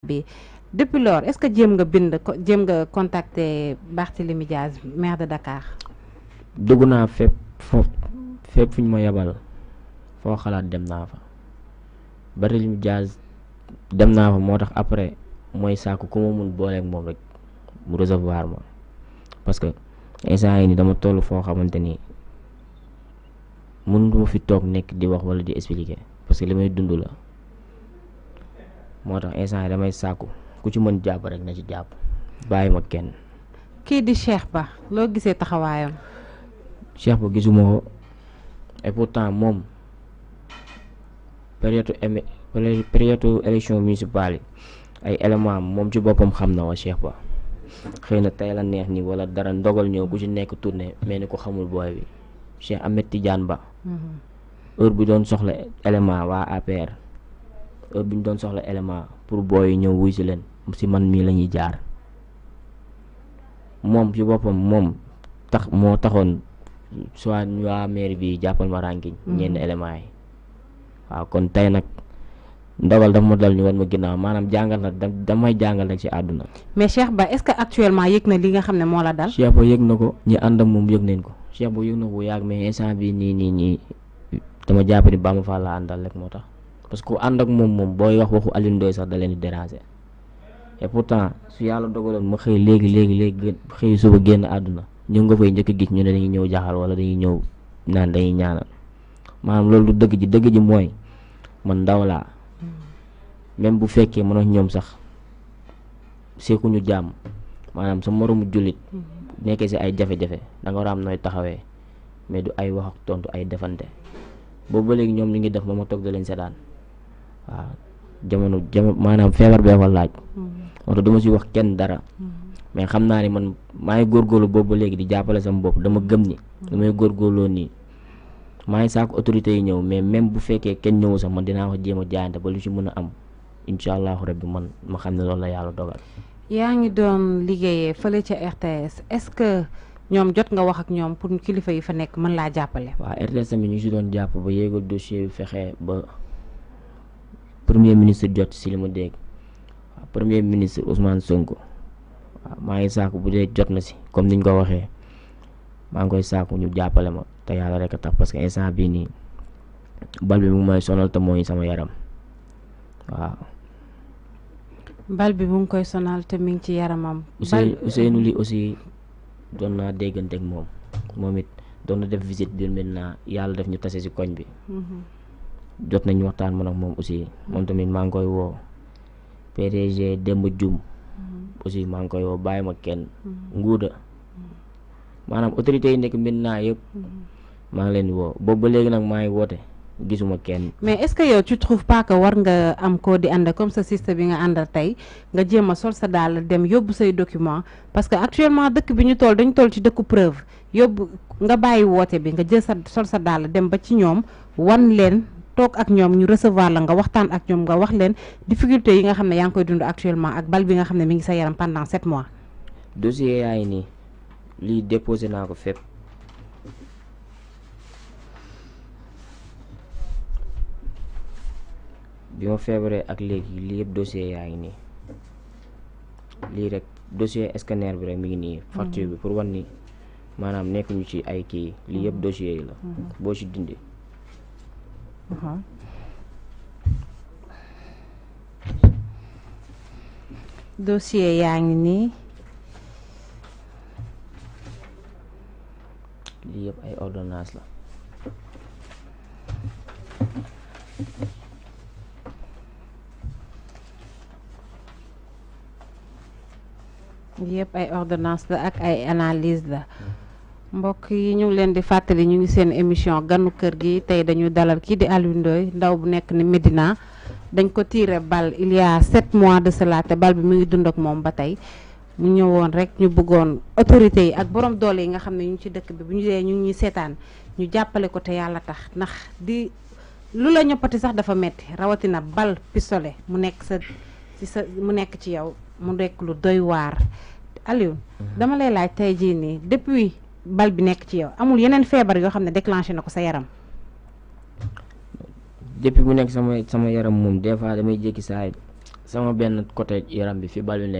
bi depuis lors est-ce que jéem nga bind jéem nga contacter Barthélémy Diaz maire de Dakar. dugg naa fépp foofu fépp fu ñu ma yebal foo xalaat dem naa fa Barthélémy Diaz dem naa fa moo tax après mooy sàkku ku ma mun booleeg moom rek mu recevoir ma parce que instant yi ni dama toll foo xamante ni mënuma fi toog nekk di wax wala di expliquer parce que li may dund la. moo tax instant yi damay sàkku ku ci mën jàpp rek na ci jàpp bàyyi ma kenn. kii di Cheikh Ba loo gisee taxawaayam. Cheikh Ba gisuma ko et pourtant moom période émi période élection municipale yi ay éléments moom ci boppam xam na wa Cheikh Ba xëy na tey la neex nii walla dara ndogal ñëw ku ci nekk tournée mel ni ko xamul booy bi Cheikh Ahmed Tidiane Ba. Mhm. heure bu doon soxla élément waa APR. Euh, bu ñu doon soxla élément pour booy ñëw wuy si leen si man mii lañuy jaar moom ci boppam moom tax moo taxoon soit waa mairie bi jàppal ma rànkiñ mm. ñenn éléments yi waaw kon tey nag ndogal dafa ma dal ñu wan ma ginnaaw maanaam jàngal na damay jàngal nag ci àdduna. mais Cheikh Ba est-ce que actuellement yëg na li nga xam ne moo la dal. Cheikh Ba yëg na ko ñi ànd ak moom yëg nañ ko Cheikh Ba yëg na ko bu yàgg mais instant bii nii nii nii dama jàpp ni Bamba Fall àndal rek moo tax. parce que ku ànd ak moom moom booy wax waxu Alioune Ndoye sax da leen di déranger et pourtant su yàlla dogaloon ma xëy léegi léegi léegi xëy suba génn àdduna ñu nga fay njëkk gis ñu ne dañuy ñëw jaaxal wala dañuy ñëw naan dañuy ñaanal maanaam loolu du dëgg ji dëgg ji mooy man ndaw laa même bu fekkee man ak ñoom sax seekuñu jàmm maanaam sa moromu jullit nekkee si ay jafe-jafe da nga war a am nooy taxawee mais du ay wax ak tontu ay defante boobu ba ñoom li ngi def moom ma toog da leen seetaan waaw jamono jamono maanaam feebar bee ko laaj. Mm-hmm. moo tax du si wax kenn dara. Mm-hmm. mais xam naa ne man maa ngi góorgóorlu boobu ba léegi di jàppale sama bopp dama gëm ni. Mm-hmm. damay góorgóorloo nii maa ngi saako autorités yi ñëw mais même bu fekkee kenn ñëwu sax man dinaa ko jéem a jaayante ba lu ci mën a am incha allahu rabbi man ma xam ne loolu la yàlla dogal. yaa ngi doon liggéeyee fële ca RTS est-ce que ñoom jot nga wax ak ñoom pour kilifa yi fa nekk mën laa jàppale. waaw RTS premier ministre jot si li ma dégg waaw premier ministre Ousmane Sonko waaw maa ngi saaku bu dee jot na si comme ni ñu ko waxee maa ngi koy saaku ñu jàppale ma te yàlla rek a tax parce instant bii nii bal bi mu may sonal te mooy sama yaram waaw. bal bi mu ngi koy sonal te mi ngi ci yaramam. bal Ousseynou li aussi doon naa déggante ak moom moom it doon na def visite biir maintenant yàlla def ñu tase si koñ bi. Mhm. jot nañu waxtaan man ak moom aussi moom tamit maa ngi koy woo PDG Demba Dioum mm-hmm. aussi maa ngi koy woo bàyyi ma kenn mm-hmm. nguuda mm-hmm. maanaam autorités yi nekk Médina yëpp maa ngi leen di woo boobu ba léegi nag maa ngi woote gisuma kenn. mais est-ce que yow tu trouves pas que war nga am koo di ànd comme sa système bi nga ànd àndal tey nga jéem a sol sa daal dem yóbbu say document parce que actuellement dëkk bi ñu tool dañu tool ci dëkku preuve yóbbu nga bàyyi woote bi nga jël sa sol sa daal dem ba ci ñoom wan leen toog ak ñoom ñu recevoir la nga waxtaan ak ñoom nga wax leen difficulté yi nga xam ne yaa ngi koy dund actuellement ak bal bi nga xam ne mi ngi sa yaram pendant sept mois. dossier yaa ngi nii lii déposé naa ko fépp. bi ma feebaree ak léegi lii yëpp dossier yaa ngi nii lii rek dossier scanner bi rek mi ngi nii. Mm-hmm. facture bi pour wan ni maanaam nekkuñu ci ay kii lii yëpp dossier yi la. Mm-hmm. boo ci dindi. Aha. dossier yaa ngi nii lii yëpp ay ordonnance la yëpp ay ordonnance la ak ay analyse la hmm. mbokk yi ñu ngi leen di fàttali ñu ngi seen émission ganu kër gi tey dañu dalal kii di Aliou Ndoye ndaw bu nekk ni Médina dañ ko tiire bal il y mois de cela te bal bi mu ngi dund ak moom ba tey mu ñëwoon rek ñu bëggoon autorités yi ak borom doole yi nga xam ne ñu ngi ci dëkk bi bu ñu dee ñu ñuy seetaan ñu jàppale ko te yàlla tax ndax di lu la ñoppati sax dafa metti rawatina bal pistolet mu nekk sa sa mu nekk ci yow mu nekk lu doy waar Aliou mhm. dama lay bal bi nekk ci yow amul yeneen feebar yoo xam ne déclenché na ko sa yaram. depuis mu nekk sama sama yaram moom des fois damay jékki saa sama benn côté yaram bi fi bal bi nekk.